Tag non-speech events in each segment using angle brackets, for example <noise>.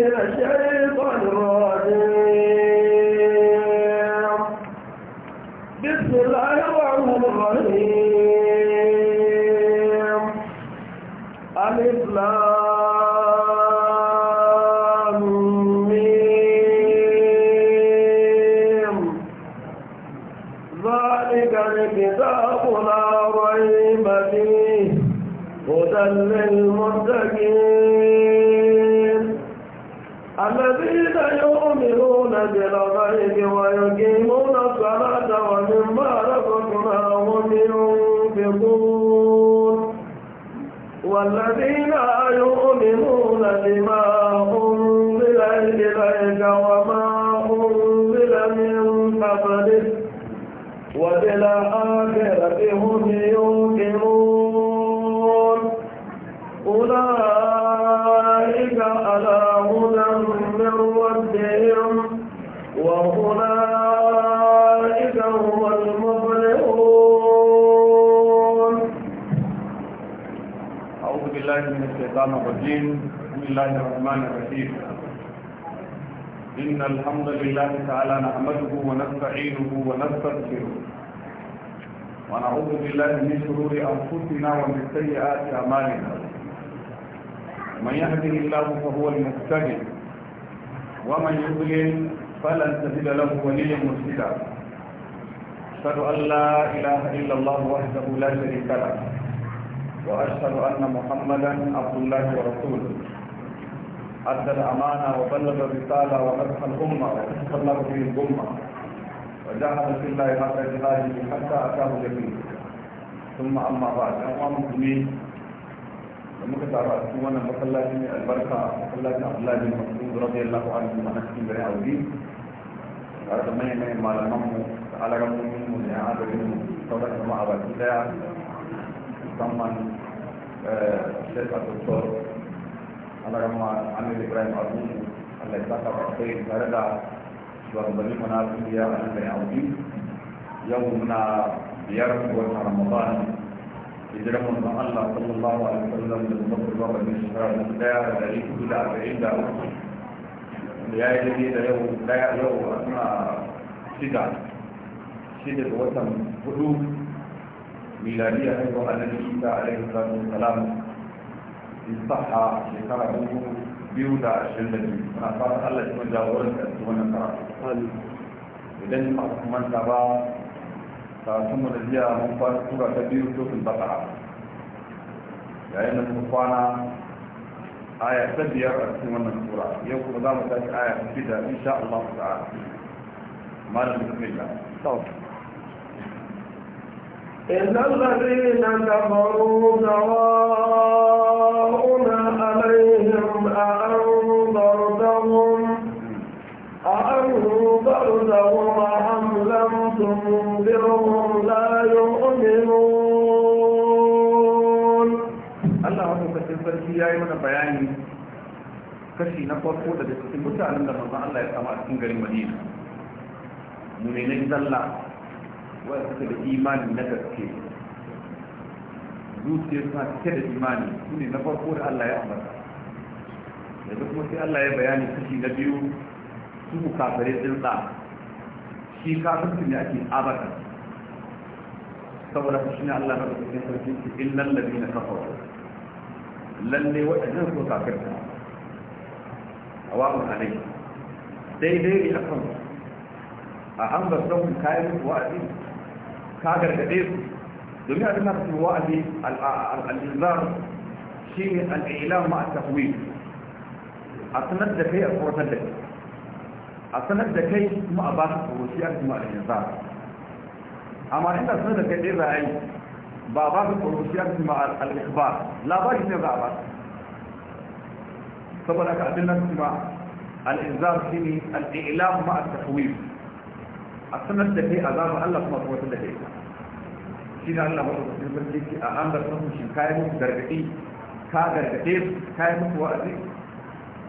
من الشيطان القرآن من يهده الله فهو المهتدي ومن يضلل فلن تجد له وليا مرشدا أشهد أن لا إله إلا الله وحده لا شريك له وأشهد أن محمدا عبد الله ورسوله أدى الأمانة وبلغ الرسالة ونصح الأمة وبلغ به الأمة وجعل في الله حق جهاده حتى أتاه اليقين ثم أما بعد أمام المسلمين da muka samu a cikin wannan masallaci mai albarka masallacin abdullahi bin masud radiyallahu anhu a nan cikin garin audi tare da manyan manyan malaman mu da alaramomin mu da yan adalin mu sauran jama'a baki daya musamman shekha doktor alarama amir ibrahim abu allah ya saka ba kai tare da shugabannin mu na kungiya a nan garin audi yau muna biyar watan ramadan hijiran manzon Allah sallallahu alaihi wasallam da kuma kurba ba ne shekara da daya da dari hudu da arba'in da uku da ya yi daidai da yau daya yau a suna shida shida da watan hudu miladiyya haihuwa annabi isa alaihi salatu wasalam in saha shekara dubu biyu da ashirin da biyu na fatan Allah ya kuma jagorantar da wannan karatu idan ba ku manta ba karatunmu da jiya mun fara tura ta biyu sosin basara yayin da muka kwana aya ta biyar a cikin wannan tura yau kuma za mu tashi aya ta shida insha Allah ta'ala malam bismillah sauki إن الذين كفروا سواء عليهم أأنذرتهم أأنذرتهم تنذرهم لا يؤمنون الله هو كتير فرشي يا من بياني kashi na farko daga cikin mutanen da manzon Allah ya kama a cikin garin Madina mu'minai zalla wanda suka da imani na gaske zuciyar suna cike da imani su ne na farko da Allah ya ambata yanzu kuma sai Allah ya bayani kashi na biyu su kafare tsintsa shi kafircin da ake abada saboda ku shi ne Allah na ɗaukakin sarki ki illan labi na kafawa lalle waɗannan su kafirta a wa'un alai daidai ne a kan a an ba sauƙin kayan wa'azi ka gargaɗe su domin a dina su wa'azi al'izar shi ne al'ilam ma'a tafwi a sanar da kai a tsoratar da kai a sanar da kai kuma a ba su tsoroshi a kuma al'inzar amma inda sanar da kai ɗaya za a yi ba ba su tsoroshi a kuma al'ikbar labari ne za a ba su saboda ka abin nan kuma al'inzar shi ne al'ilam ma a tafwif a sanar da kai a zama allah kuma kuma da kai shi ne allah wata kusurin mulki a an da sun shi kayan musu gargaɗi ka gargaɗe su kayan musu wa'azi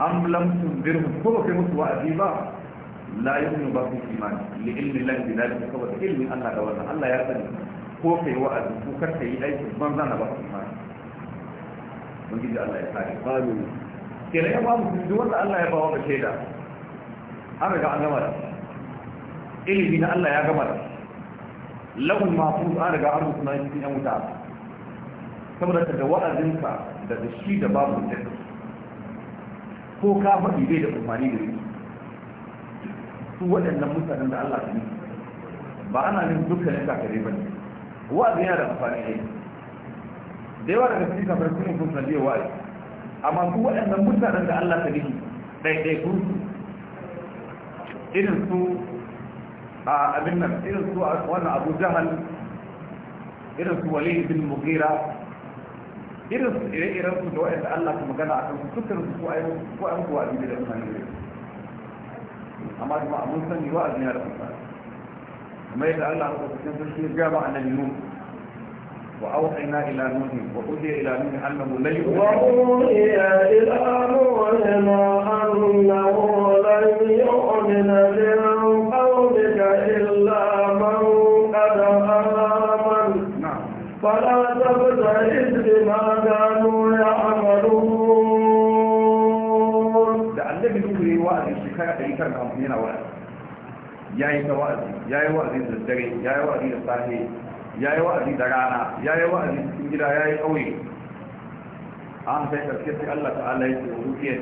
an lam tundirhum ko ba kai musu wa'azi ba la yu'minu ba fi iman li ilmi la bi dalika saboda ilmin Allah da wannan Allah ya sani ko kai wa'azi ko kar kai aiki banza na ba fi iman mun ji Allah ya kare amin kire ya ba mu duk wanda Allah ya ba wa shaida an riga an gama da ilimi na Allah ya gama da lahun mafuz an riga an rubuta cikin yan wuta saboda da wa'azinka da shi da babu da ko ka faɗi bai da umarni da shi su waɗannan mutanen da Allah ya ba ana nin dukkanin kakare ba ne wa'azi yana da amfani ne da yawa daga cikin kafar sun mutum wa wa'azi amma su waɗannan mutanen da Allah ta nufi ɗaiɗai ku irin su a abin nan irin su wannan abu jahal irin su wali bin mugira irin su ire-iren su da waɗanda Allah ta magana a kan su dukkan su ko ayyuka wa'azi da mutane ne عمال معمول ثاني وقت من هذا الإنسان وما يتقال له أبو سفيان تشكي جابع عن النوم وأوحينا إلى نوح وأوحي إلى نوح أنه لن وأوحي إلى نوح أنه لن يؤمن من قومك إلا من قد آمن نعم. فلا تبتئذ بما كانوا يعملون لعل بدون وعد shekara ɗari tara da hamsin yana wa'azi ya yi ta wa'azi ya yi wa'azi da dare ya yi wa'azi da safe ya yi wa'azi da rana ya yi wa'azi cikin gida ya yi ƙauye an sai karshe sai Allah ta'ala ya ce wa rukiya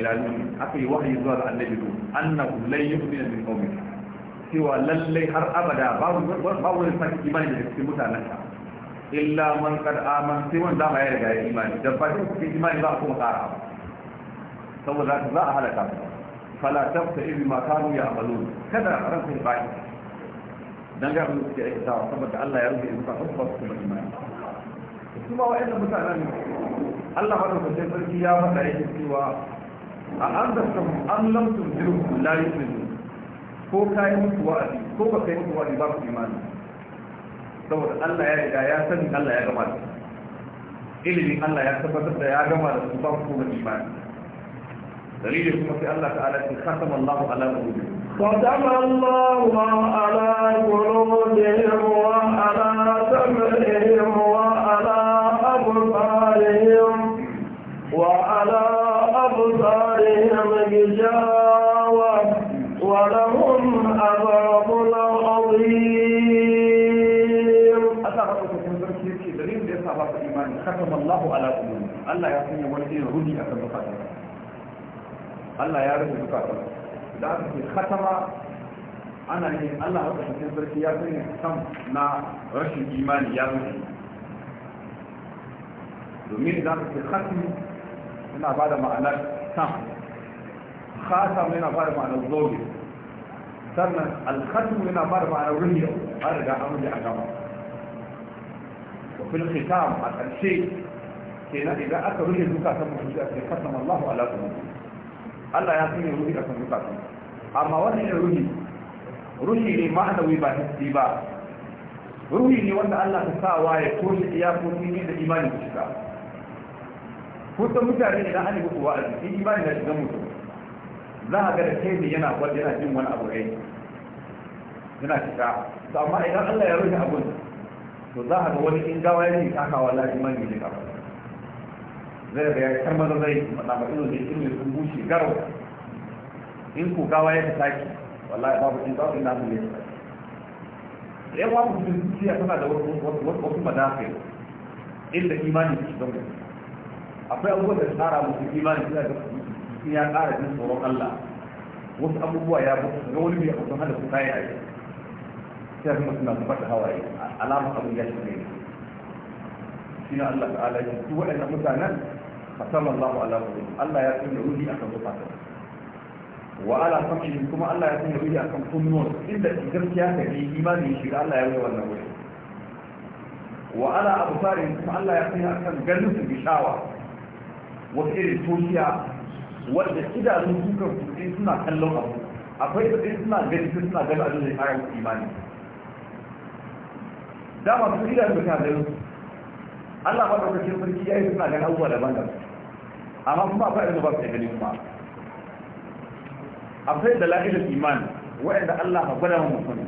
ilalun aka yi wahayi zuwa da annabi ko annahu lan yu'mina min qawmin cewa lallai har abada babu wani sake imani da cikin mutanen ka illa man kad aman sai wanda ma ya riga ya imani da ba shi imani za a kuma tsara saboda za a halaka su fala tafta ibi ma kanu ya amalu kada ranka ya bai dan ga abin da suke saboda Allah ya rufe in fa ba su kuma imani kuma wa'annan mutanen Allah madaukakin sarki ya faɗa yake cewa a an da sun an lamtun jirin la yu'minu ko kayi musu wa'azi ko ba kai musu wa'azi ba su imani saboda Allah ya riga ya sani Allah ya gama da ilimi Allah ya tabbatar da ya gama da su ba ku kuma imani دليل كما في الله تعالى ختم الله على قلوبهم ختم الله على قلوبهم وعلى سمعهم وعلى أبصارهم وعلى أبصارهم غشاوة ولهم عذاب عظيم ختم الله على قلوبهم الله يعطيني ولدي هدي أكبر ختم Allah ya rufe zukata da aka ce khatama ana yin Allah wata cikin sarki ya sanya sam na rashin imani ya rufe domin da aka ce khatmi yana ba da ma'anar sam khatam yana ba da ma'anar zobe sannan alkhatmu yana ba da ma'anar ruhiya an riga an rufe a gama وفي الختام على الشيء كنا إذا أكرهه زكاة المحجات ختم الله على قلوبهم Allah ya sanya ruhi a kan zukatan amma wannan ruhi ruhi ne ma'anawi ba hissi ba ruhi ne wanda Allah ta wa ya toshe iyakoki ne da imanin ku shiga kusan mutane idan an yi muku wa'azi in imanin na shiga mutum za a ga da kai ne yana wanda yana jin wani abu rai yana shiga to amma idan Allah ya rufe abun to za a ga wani in gawa ya ne takawa la imani ne kafa zai da ya karmar zai faɗa ba ilo da ilo sun bushe garo in ko gawa ya ki wallahi babu in babu ina mun ne da yawa ku sun ya tana da wasu madafai inda imani ke don gani akwai abubuwa da tsara musu imani suna da su ya tsara jin tsoron Allah wasu abubuwa ya mutu ga wani bai kusan hada su a yi. sai kuma suna zubar da hawaye alamun abin ya shi ne shi ne Allah ta'ala ya ci waɗannan mutanen fasalla Allah ala kulli Allah ya sanya a kan zukata wa ala sam'in kuma Allah ya sanya ruhi akan kunnon inda gaskiya ta yi imani shi Allah ya yi wannan wuri wa ala absarin kuma Allah ya sanya akan ganin su bishawa wasu irin toshiya wanda idanun sukan kuɗi suna kallon abu akwai da suna gani suna gani abin da kayan kara imani dama su idanun da ka gani Allah ba da sarki ya yi suna gani abubuwa daban-daban amma kuma akwai abin da ba su iya ba kuma akwai da la'ilin imani wa'anda Allah ka gwada mu mutum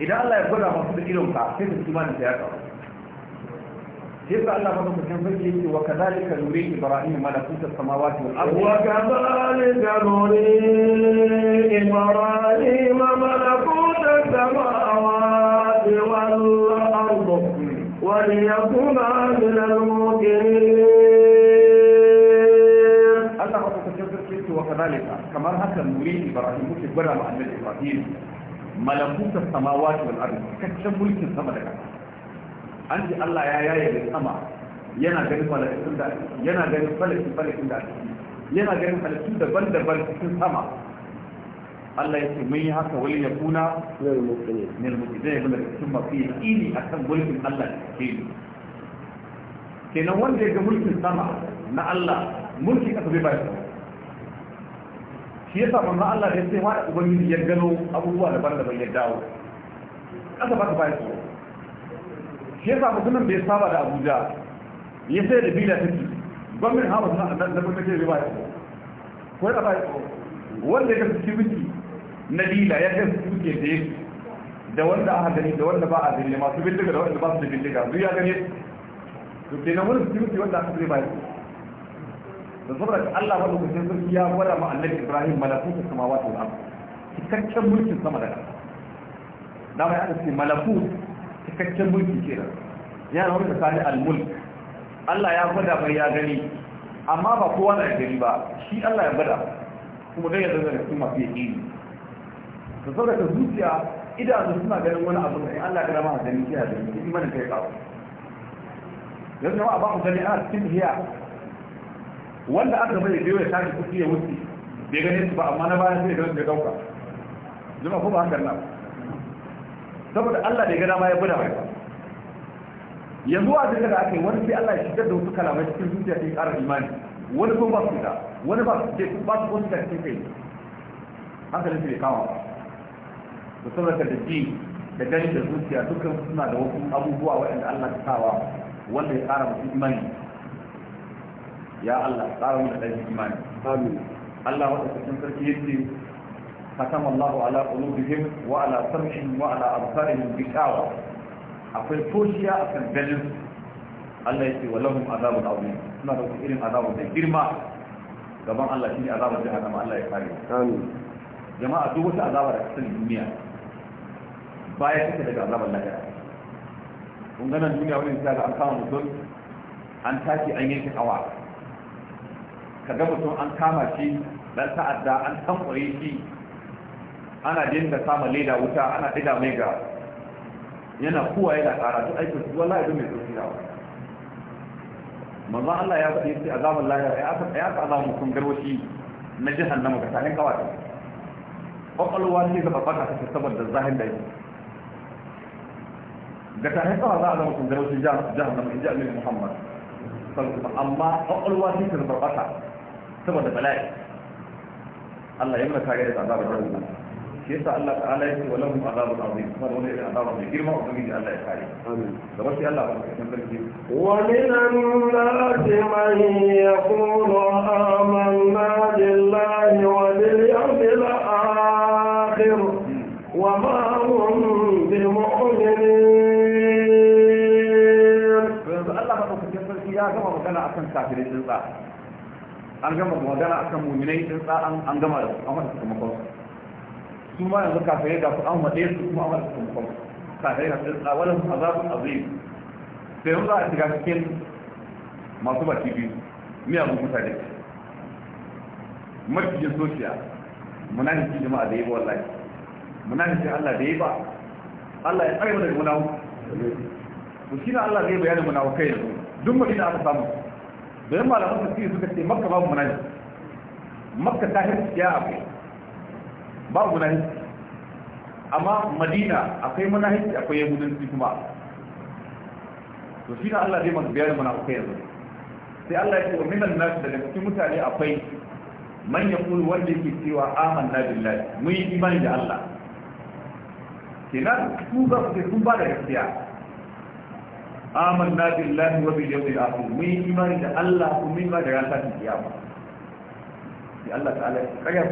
idan Allah ya gwada masu da irin ka sai su imanin ta ya kawo sai ka Allah ba su kan sarki yake wa kadhalika nuri ibrahim malakuta samawati wal ardi wa kadhalika nuri ibrahim malakuta samawati wal ardi hmm. wa liyakuna min al kazalika kamar haka nuri ibrahim muke gwada mu annabi ibrahim malakutar samawati wal ardi cikakken mulkin sama da ƙasa an ji Allah ya yaye da sama yana ganin falakitun da yana ganin falakitun falakitun da yana ganin falakitun daban-daban cikin sama Allah ya ce mun yi haka wani ya kuna nil mutane nil mutane yana da cikin mafi yaqini akan mulkin Allah ke yi kenan wanda ya ga mulkin sama na Allah mulki kasa bai bayar shi yasa manzo Allah ya sai wada da ubangiji ya gano abubuwa banda ban ya dawo kasa ba ta bayan su shi yasa mutumin bai saba da Abuja ya sai da bila take gwamnatin hawa na da kuma take riba ko ya ba su wanda ya kasance miki na bila ya su ke da yake da wanda aka gani da wanda ba a gani masu bindiga da wanda ba su da bindiga su ya gane to kenan wani security wanda aka riba ya da saboda ka Allah wanda kusan sarki ya gwada ma annabi Ibrahim malakutun samawati wal ardh cikakken mulkin sama da ƙasa da mai aka ce malakut cikakken mulki kenan yana wani tsakanin al-mulk Allah ya gwada mai ya gani amma ba kowa na gani ba shi Allah ya gwada kuma dai ya zama da kuma fiye gini da saboda ka zuciya idanu suna ganin wani abu da Allah ya rama gani shi ya gani imanin kai kawo yanzu ma ba ku gani ana cikin hiya wanda aka bai da yawa ya tashi kuɗi ya wuce bai gane su ba amma na baya sai ya dauka zuma ko ba haka nan saboda Allah bai gana ma ya buda mai ba yanzu a cikin da aka yi wani sai Allah ya shigar da wasu kalamai cikin zuciya ta ƙara imani wani ko ba su da wani ba su ce ba su wasu da cikin kai hankalin su bai kama ba da saboda da ji da gani da zuciya dukkan suna da wasu abubuwa waɗanda Allah ta sawa wanda ya ƙara musu imani ya Allah tsarin da ɗan imani amin Allah wata cikin sarki yake hatam Allah ala qulubihim wa ala sam'ihim wa ala absarihim bishawa akwai toshiya akan ganin Allah yake wa lahum azabun azim suna da irin azabun da girma gaban Allah shine azabun jahannama Allah ya kare amin jama'a duk wata azaba da kasar duniya baya take daga azabar lahira kun ganan duniya wani ta ga an kama mutum an tashi an yanke kawa kaga mutum an kama shi dan ta'adda an tankure shi ana dinga sama leda wuta ana diga mai ga yana kuwa yana ƙara duk aikin su wallahi duk mai tsofi yawa manzon Allah ya faɗi sai azabul lahi ya aka ya aka azamu kun garwashi na jahannama ga tanin kawata kwakwalwa ne ga babbaka ta saboda zahin da yake ga tanin kawa za a zama kun garwashi jahannama in ji annabi Muhammad sallallahu alaihi amma kwakwalwa ne ga babbaka saboda bala'i Allah ya maka ga da azabar rabu shi yasa Allah ta'ala ya ce wa lahum azabun azim kuma da wani irin azaba mai girma ubangiji Allah ya kare amin da wasu Allah ba ka san sarki wa min annati man yaqulu amanna billahi wa bil yawmil akhir wa ma hum bil mu'minin Allah ba ka san sarki ya gama magana akan kafirin tsintsa an gama magana akan muminai din tsaran an gama da su amma da sakamakon su ma yanzu kafin ya su an maɗe su kuma amma da sakamakon kafirai ga su tsawalan azabun azim sai yanzu a shiga cikin masu baki biyu miyagun mutane macijin sosiya munafiki jama'a da yi ba wallahi munafiki Allah da yi ba Allah ya tsare mu daga munawu to shi ne Allah zai bayyana munafukai duk mafi da aka samu bayan malaman tafsiri suka ce makka babu munafiki makka ta hirkiya akwai babu munafiki amma madina akwai munafiki akwai yahudanci kuma to shi na Allah zai maka bayani mana akwai yanzu sai Allah ya ce wa minan nas daga cikin mutane akwai man yaqulu wanda yake cewa amanna billahi mun yi imani da Allah kenan su za su sun ba da gaskiya na amanna lafi wa bil da akhir mu yi imani da Allah ku mu da ran da kiyama da Allah ta ala ya kaya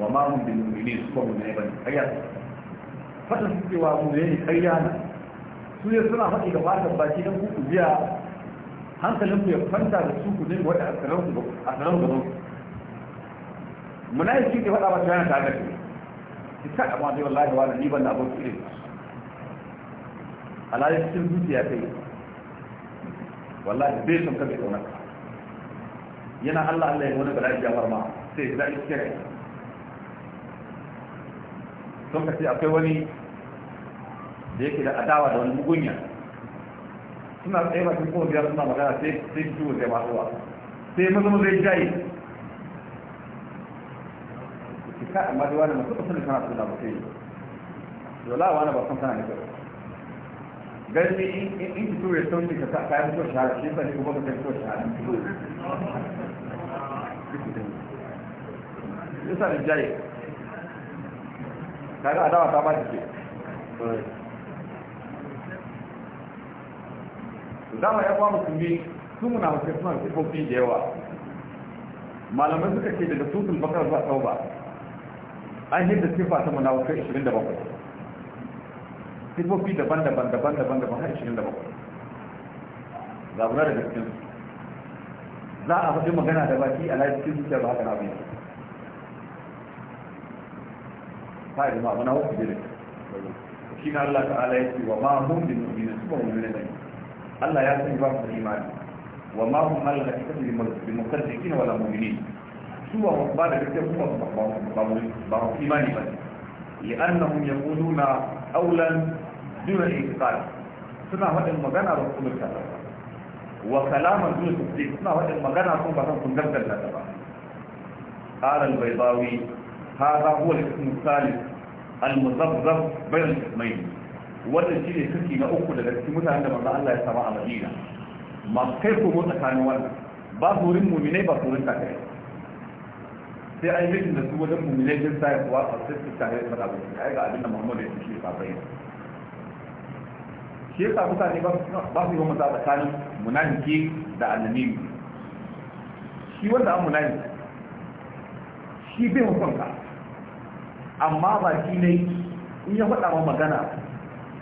wa ma hum bil su ko mun ne bane kaya fadin cewa mu ne kaya na su ya suna faɗi da fatan baki don kuku biya hankalin ku ya fanta da su ku ne wata da ku Muna ku munafiki ke faɗa ba tare da ta ga ki ta amma zai wallahi wala ni ban da abokin halayen cikin zuciya ta yi wallahi bai son ka bai kaunar ka yana allah allah ya wani bala'i ya farma sai ya zaɓi cikin rai sun ka ce akwai wani da yake da adawa da wani mugunya suna tsaye bakin kowa biyar suna magana sai sai ciwo sai masu wa sai maza maza ya jaye ka amma da wani masu kusurin sana su da mutu yi yola wani ba san sana ne kawai dan ne in ki so ya sauke kayan so shahara shi yasa ne kuma ka so shahara yasa ne jaye kaga adawa ta ba ta ce dama ya kwamu musulmi su muna hukai suna sifofi da yawa malamai suka ce daga tutun bakar zuwa tauba an na sifa ta munafukai 27 sifofi daban-daban daban-daban daban har 27 daga cikin za a faɗi magana da baki a lafi cikin zuciya ba haka na biyu ta yi ma wani hau kujere shi na Allah ta'ala ya ce wa ma hun bin mu'minin su ba mu'minin ne Allah ya sani ba su da imani wa ma hun Allah ka kasa da mukarrikin wala mu'minin su ba ba da gaskiya su ba ba imani ba ne li'annahum yaquluna qawlan dunar itikar suna faɗin magana ba kuma ta ba wa kalaman dunar tafsir suna faɗin magana sun ba san sun gaggalla ta ba قال البيضاوي هذا هو Al-Muzabzab المذبذب بين الاسمين wannan shi ne na uku daga cikin mutanen da manzo Allah ya sama a Madina masu kai ko mu tsakanin wannan ba su wurin muminai ba burin ta kai sai an yi da su wajen muminai din sai kuwa a cikin tare da abin da ai ga abin da Muhammadu ya ce ba bayan shi yasa mutane ba su yi wani tsakanin munafiki da annabi shi wanda an munafiki shi bai hukunka amma ba shi ne in ya faɗa wa magana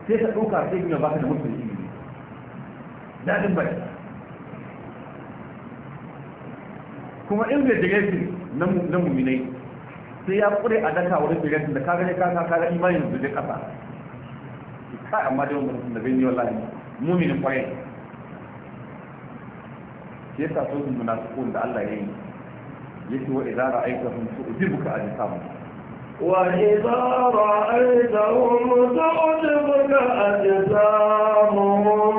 sai ka ɗauka sai ya baka da mutum shi ne daɗin bai kuma in da jirgin na muminai sai ya ƙure a daka wurin jirgin da ka gane ka ka imani da jirgin ƙasa kai amma dai wanda mutum da bai yi wallahi muminin kwarai shi yasa so su munafiqun da Allah ya yi yace wa idza ra'aytahum tu'jibuka ajsamu wa idza ra'aytahum tu'jibuka ajsamuhum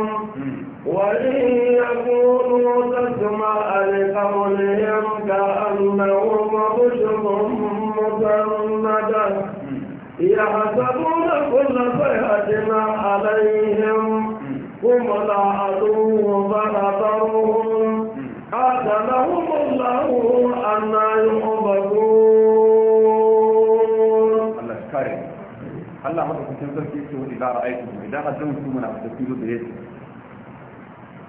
wa in yakunu tasma'a liqawlihim ka'annahum khushubun musannadah hmm. يحسبون كل صيحة عليهم هم العدو فنظرهم قاتلهم الله أنا يحبكون الله كريم الله هذا كنت تركي سوى إذا رأيتم إذا قدمتم من أفتكيلوا بيتي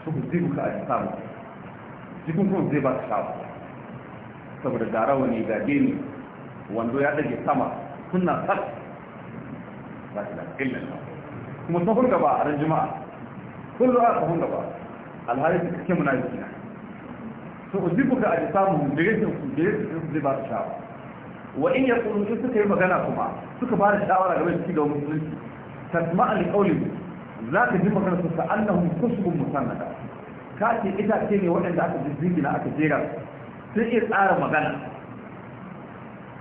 شوفوا زيبك أجسام زيبكم زيبك شعب saboda garawa ne ga gini wando ya dage sama suna sassa kuma sun hulga ba a ran jima'a. Kullum aka hulga gaba. alhali su kake munafiki na So uzibu ka aji samu da yake su da yake su zai ba su shawara wa in ya kullu in suka yi magana kuma suka ba da shawara game da cigaba musulunci tasma'a li qawli za ka ji magana su ka annahum kusbun musannada ka ce ita ce ne waɗanda aka jirgina aka jera sun iya tsara magana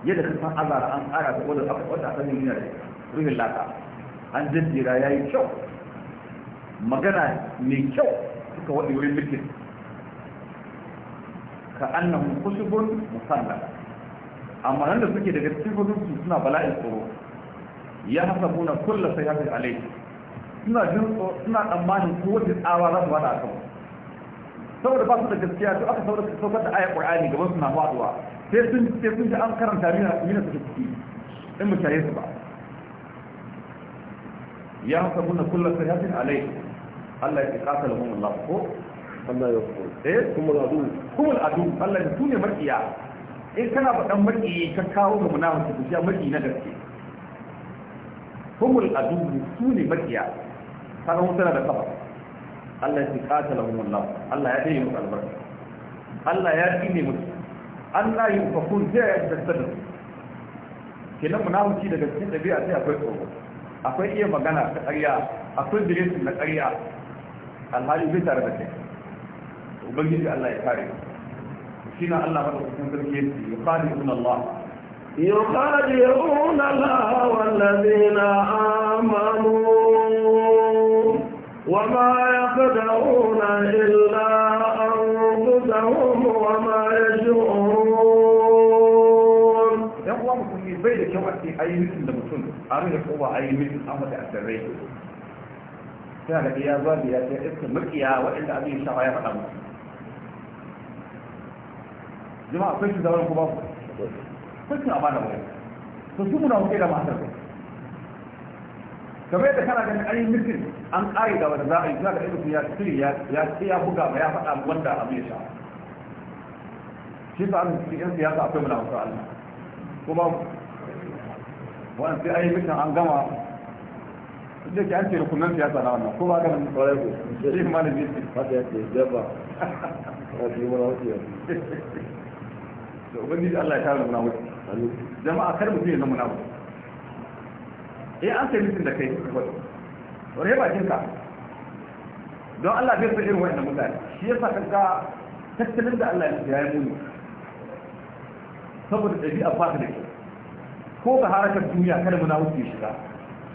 yadda ka san azara an tsara ta wadda aka wadda aka yi da ita ruhin laka an jajjera ya yi kyau magana mai kyau suka waɗi wurin mulkin ka annan kusurbun musamman amma nan da suke daga cikin suna bala'in tsoro ya hasa muna kulla sai hafi alai suna jin suna tsammanin wajen tsawa za su wada a kan saboda ba su da gaskiya to aka saurasa saukar da ayar ƙwar'ani gaban suna faɗuwa sai sun sai ji an karanta mina su ciki in mu shaye su ba ya haka muna kullum sai hafin alai Allah ya kasa da mun Allah ko Allah ya ko eh kuma adu kuma adu Allah ya tune makiya in kana faɗan maki ka kawo ga munafiki ku ya maki na gaske kuma adu tuni tune makiya kana mutana da kafa Allah ya kasa da mun Allah Allah ya daina mu albarka Allah ya tsine mu Allah ya fakun sai ya tsada kenan munafiki daga cikin ɗabi'a sai akwai tsoro akwai iya magana ta ƙarya akwai diresin na ƙarya alhali bai tare da kai ubangiji Allah ya kare shi na Allah ba da kusan sarki ya ce yukhadi'un Allah yukhadi'un Allah wallazina wa ma yakhda'una illa anfusahum wa ma yash'urun yan uwa mutum bai da kyau a ce ayyukan da mutum an da kowa a yi mitin an wata asirai sai da iya zuwa da ya sai iska mulkiya waɗanda abin shafa ya faɗa musu jama'a akwai shi zaman kuma akwai shi amana wani to su muna hukai da matar kai kamar yadda kana ganin yi mitin an ƙari da wanda za a yi zuwa da irin ya tsiri ya buga ba ya faɗa wanda abin ya shafa shi sa an cikin yan siyasa akwai muna hukai Allah kuma wani sai ayi yi bitan an gama da ke an ce rukunan siyasa na wannan kuma ga nan kwarai ko shi ma da bisu fata ya ce jaba a shi mura wasu ya to ubangiji Allah ya kare muna wuce jama'a kar mutum ya zama muna wuce eh an sai mutum da kai wani bakin ka don Allah bai san irin wa'annan mutane shi yasa kaga tattalin da Allah ya yi muni saboda ɗabi'a ba ta da kyau ko ka harkar duniya kada muna wuce shiga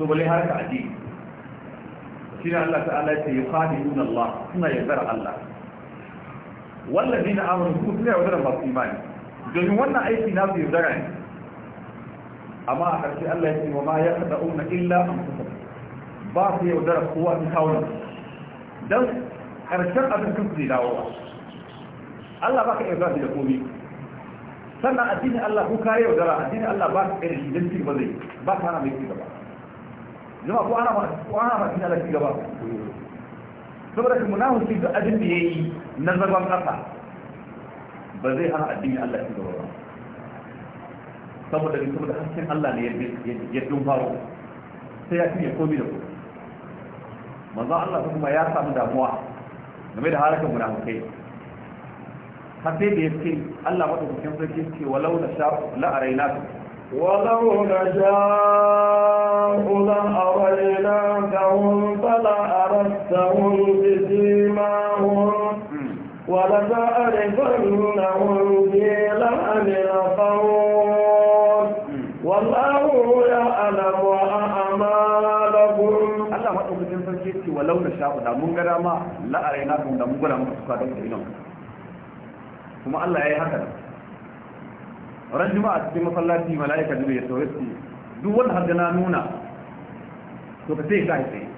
to bale harkar addini shine Allah ta'ala ya ce yuqatiluna Allah suna zara Allah wallazina amanu kuma suna yaudar masu imani domin wannan aiki na su yaudara ne amma a ƙarshe Allah ya ce wa ma yaqda'una illa anfusahum ba su yaudara kowa su kawo dan karshen abin kan su dawo Allah baka yaudara da komai sannan addinin Allah ko kare yaudara addinin Allah ba ka kare shi don ci gaba zai ba ka hana mai ci gaba zama ko ana ko ana ma Allah ci gaba saboda kuma na hukunci duk abin da yayi na zagon kasa ba zai hana addinin Allah ci gaba ba saboda ne saboda hasken Allah ne ya dumfaro sai ya fiye komi da ku manzo Allah kuma ya samu damuwa game da harakan munafukai har sai da ya ce Allah madaukakin sarki ce walau na sha la araina ولو نشاء لأريناكهم فلا أردتهم بسيماهم ولتعرفنهم في لعن القول والله يعلم أعمالكم Allah maɗaukakin sarki ce walau da sha'u da mun gada ma la'araina kun da mun gada muka suka don ilinka kuma Allah ya yi haka ran juma'a cikin masallaci mala'ika jibril ya sauye su duk wanda har na nuna to ka sai ka tsaye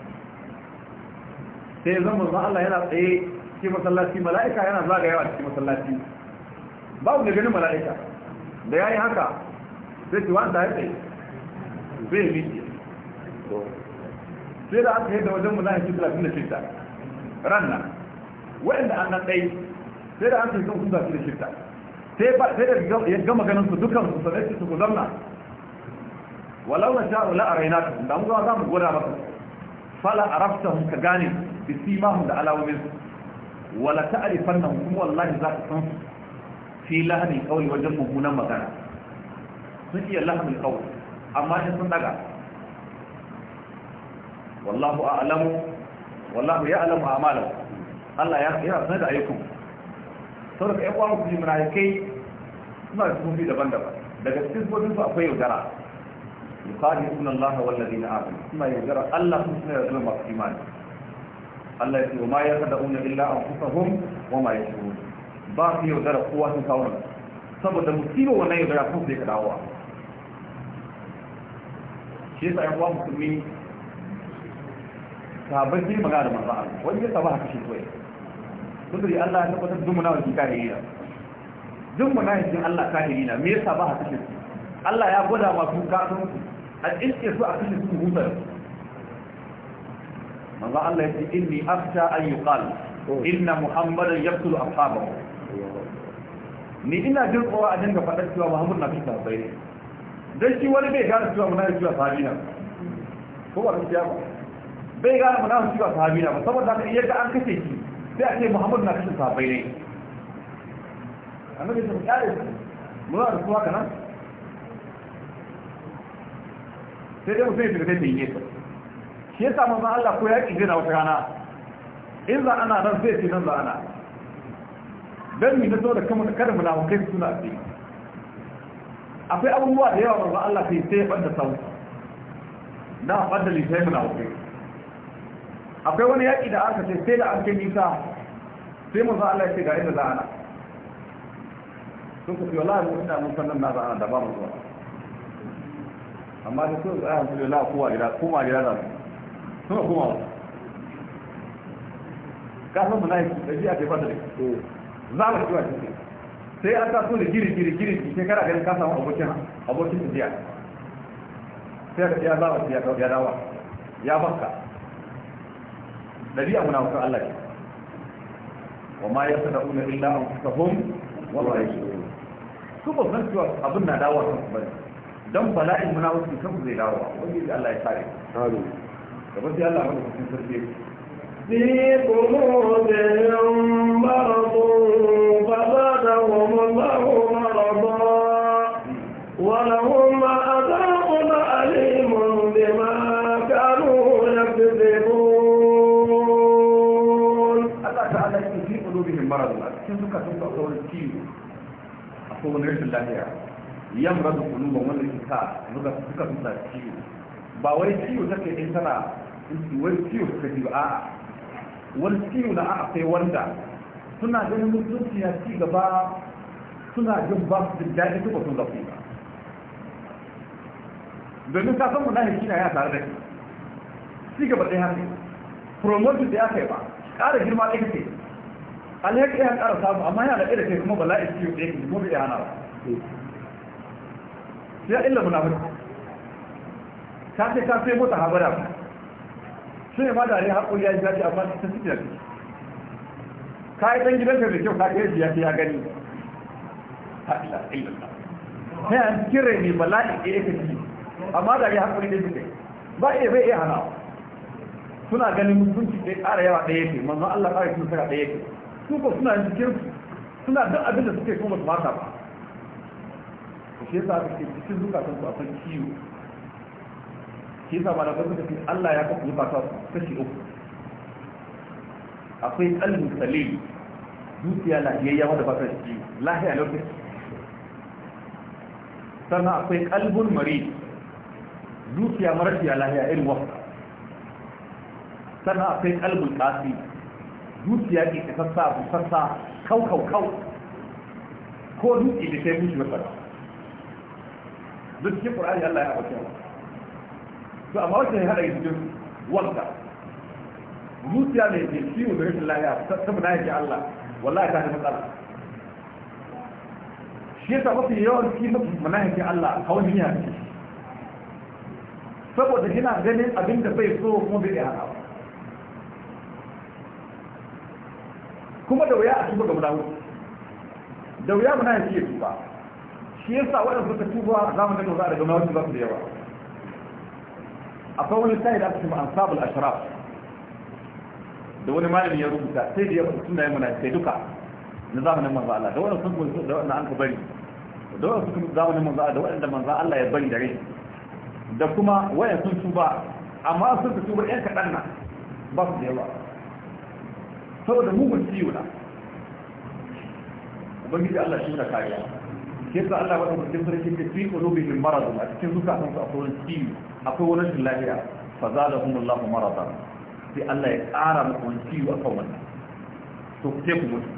sai zan manzo Allah yana tsaye cikin masallaci mala'ika yana zagayawa cikin masallaci babu da ganin mala'ika da yayi haka sai ki wanda ya tsaye zai miki sai da aka yi da wajen shi 36 ran nan waɗanda an nan tsaye sai da an tafi kan kusa da shirka sai ba sai da ya gama ganin su dukkan su sai su ku zanna walau na sha'u la arainaka da mu za mu gwada maka fala araftahum ka gane bi simahum da alawamin su wala ta'rifannahum kuma wallahi za ka san su fi lahani qawli wajen mummunan magana sun iya lahani qawli amma in sun daga wallahu a'lamu wallahu ya'lamu a'malakum Allah ya ya sanar da ayyukum sau daga ƴan uwan musulmi kai suna da sufi daban-daban daga cikin sufofin su akwai yaudara yukhadi'una Allah wal ladina amanu suna yaudara Allah sun suna yaudara masu imani Allah ya ce wa ma yakhda'una illa an anfusahum wa ma yashurun ba su yaudara kowa sun kawo saboda musibar wannan yaudara sun zai kadawa shi yasa ƴan uwan musulmi sahabbai sun yi magana da manzo Allah wani ya saba haka shi kawai kudiri Allah ya tabbatar duk muna wajen kahiri na duk muna wajen Allah kahiri na me yasa ba ha kashe su Allah ya gwada masu kasan su a iske su a kashe su hutar manzo Allah ya ce inni afta an yuqal inna muhammadan yaqtulu ashabahu ni ina jin kowa a dinga faɗar cewa muhammad na fita bai ne dan shi wani bai gane cewa muna cewa sahabina na ko ba gaskiya ba bai gane muna cewa sahabi na ba saboda haka iya ga an kashe shi sai a ce muhammadu na kashe sahabbai ne annabi sun kare su muna da a rasuwa kanan sai dai mutum ya shiga sai ta yi nesa shi samu manzon Allah ko yaƙi zai na wata rana in za ana nan zai ce nan za ana don mi na zo da kamar kada mu na kai suna asiri akwai abubuwa da yawa ba Allah sai sai ya banda sau. na fadda lisai mu na kai akwai wani yaƙi da aka ce sai da an kai nisa sai mu za Allah ya ce ga inda za a na sun ku wala mu ina mun sannan na za a da ba mu zuwa amma da sun tsaya su wala kowa gida kuma gida da su suna kuma ba kasan mu na yi da a ce ba da za mu ciwa cikin sai an ta taso da giri giri giri ki kara ganin ka samu abokin abokin tafiya sai ka ya za mu tafiya ya dawa ya baka. muna munafikan Allah ke wa ma yasaduna illa anfusahum wa ma yashurun su ba san cewa abin na dawo kan su bane dan bala'in munafiki kan zai dawo wanda yake Allah ya kare da ba sai Allah ya mutu ba sarki في قلوبهم مرض فزادهم الله مرضا ولهم suka sun sau saurin ciwo a kowane rashin lafiya yan rasu kunu ba wani ke sa suka sun sa ciwo ba wai ciwo ta ke ɗin tana wani ciwo suka ji ba a wani ciwo na a sai wanda suna ganin mutunci na ci gaba suna jin ba su jin daɗi suka sun zafi ba domin ka san wani shi na ya tare da shi ci gaba ɗaya ne promotion da ya kai ba ƙara girma ɗaya kai alhaki ya ƙara samu amma yana da kai kuma bala'i ciwo ɗaya ka kuma bai hana ba ya illa munafiki ka ce ka sai mota habara shi ne ma da ne haƙuri ya yi zafi amma ta ciki da ciki ka yi ɗan gidanka da kyau ka ɗaya biya ya gani haɗila illa ta yanzu kire ne bala'i ɗaya ka ciki amma da ne haƙuri ɗaya ciki ba iya bai iya hana suna ganin mutunci ɗaya ƙara yawa ɗaya ke manzon Allah ƙara kuma ɗaya ke su suna jikin su suna duk abin da suke kuma su mata ba ku shi yasa aka ce cikin zukatan su a akwai kiwo shi yasa malamai suka ce Allah ya kafa zukata su kashi uku akwai kalmin salim zuciya lahiyayya wanda ba ta shi lahiya lokaci sannan akwai kalbun mari zuciya marashiya lahiya irin wasu sannan akwai kalbun kasi dukiya ke ta sassa sassa, kau kau kau ko dutse da sai mutu masa duk cikin qur'ani Allah ya abuce to amma wacce ya yi cikin wanda dukiya ne ke ciwo da rashin lafiya saboda yake Allah wallahi ta da matsala shi yasa mafi yawan cikin manahikin Allah a duniya ne saboda yana ganin abin da bai so kuma bai hana kuma da wuya a tuba ga munahu da wuya muna yanzu ya tuba shi ya sa waɗanda suka tuba a zamanin da za a daga munahu ba su da yawa akwai wani sai da aka cima ansabul ashraf da wani malami ya rubuta sai da ya rubuta sunayen munafikai duka na zamanin manzo Allah da wannan sun da wannan an ka bari da wannan sun zamanin manzo Allah da wannan manzo Allah ya bari da rai da kuma wayan sun tuba amma sun tuba ɗan kaɗan na ba su da yawa saboda mugun ciwo na ubangiji Allah shi muna kariya ke sa Allah wata mutum sarki ta fi qulubihim maradun a cikin zukatan su akwai wani ciwo akwai wani rashin lafiya fa zadahum Allah maradan sai Allah ya ƙara muku wani ciwo akan wannan to ku ku mutu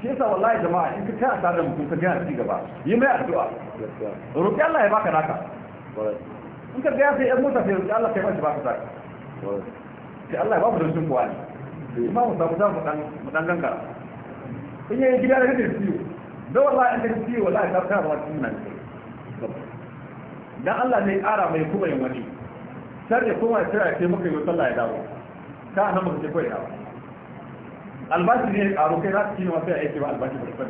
shi yasa wallahi jama'a in ka kai a da mutum ka gaya ci gaba yi mai addu'a roƙi Allah ya baka naka in ka gaya sai yan mota sai roƙi Allah sai mashi baka zaka sai Allah ba mu da rashin kuwa ne kuma mu samu samu matangan ka in yi gida da kake ciwo da wallahi an da ciwo wallahi ta fara wata cikin nan dan Allah ne ƙara mai kuma yin wani sai da kuma tsira sai maka yi sallah ya dawo ka nan muka ce kai dawo albashi ne ya ƙaro kai za ka kina wasu ya aiki ba albashi ba ta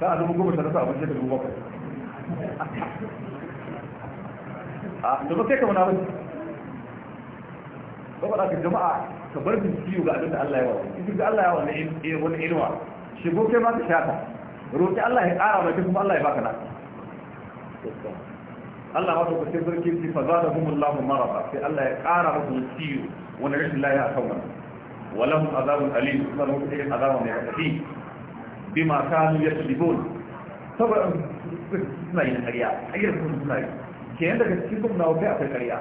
ka a zama goma sarasa abin wajen da dubu bakwai <laughs> a da ba sai ka wani abin saboda ka jama'a ka bar bincike ga abin da Allah ya ba. in ga Allah ya wa ne eh, wani inuwa shigo kai ba ka shata roki Allah ya ƙara mai kuma Allah ya baka na Allah ma ka sai sarki ki fa zada hum Allah marada sai Allah ya ƙara musu ciwo wani rashin lafiya a kan wannan walahum azabun alim kuma mun kai azaba mai rafi bima kanu yasbibun saboda suna yin ƙarya ayyar suna yi ke yanda ga cikin gwamna wa kai akwai ƙarya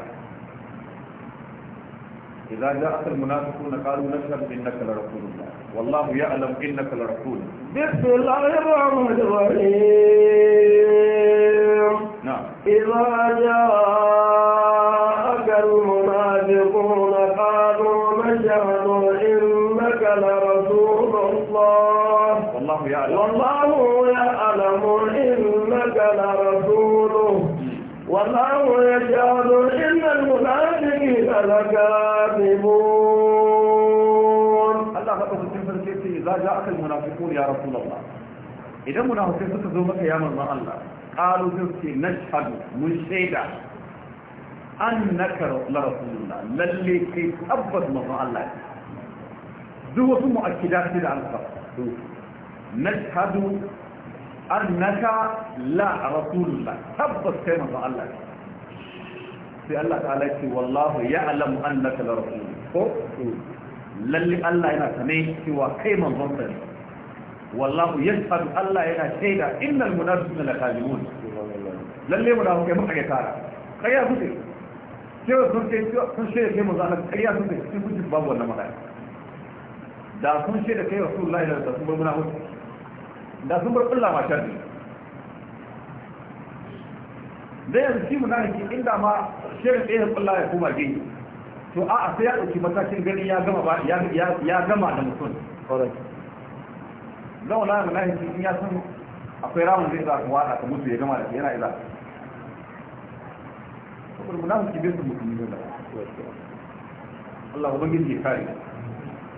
إذا جاء المنافقون قالوا نشهد إنك لرسول الله والله يعلم إنك لرسول بسم الله الرحمن الرحيم نعم إذا جاءك المنافقون قالوا نشهد إنك لرسول الله والله يعلم والله يعلم إنك لرسوله والله يشهد إنك لكاذبون الله فقط تنفر كيسي إذا جاءك المنافقون يا رسول الله إذا منافقين ستزوم يا من الله قالوا تنسي نشهد مشهدا أنك لرسول الله للي كي أبد من الله ذو ثم أكدات كده عن الصلاة نشهد أنك لا رسول الله أبد كي من الله sai Allah ta'ala ce wallahu ya'lamu annaka la rasul ko lalle Allah yana sane cewa kai manzon sa ne wallahu yashhadu Allah yana shaida innal munafiqina lakazibun lalle munafiqai mun kage tara kai ya fice cewa sun ce sun ce kai manzon Allah kai ya fice sun fice babu wannan magana da sun ce da kai rasulullahi da sun bar munafiqai da sun bar kullama sharri da yanzu shi munafiki inda ma shirin ɗaya kulla ya kuma gani to a'a sai ya ɗauki matakin ganin ya gama ba ya gama da mutum zama na munafiki in ya san akwai ramin zai za ka wada ka mutu ya gama da yana iza saboda munafiki bai su mutum ne da Allah ubangiji ya kare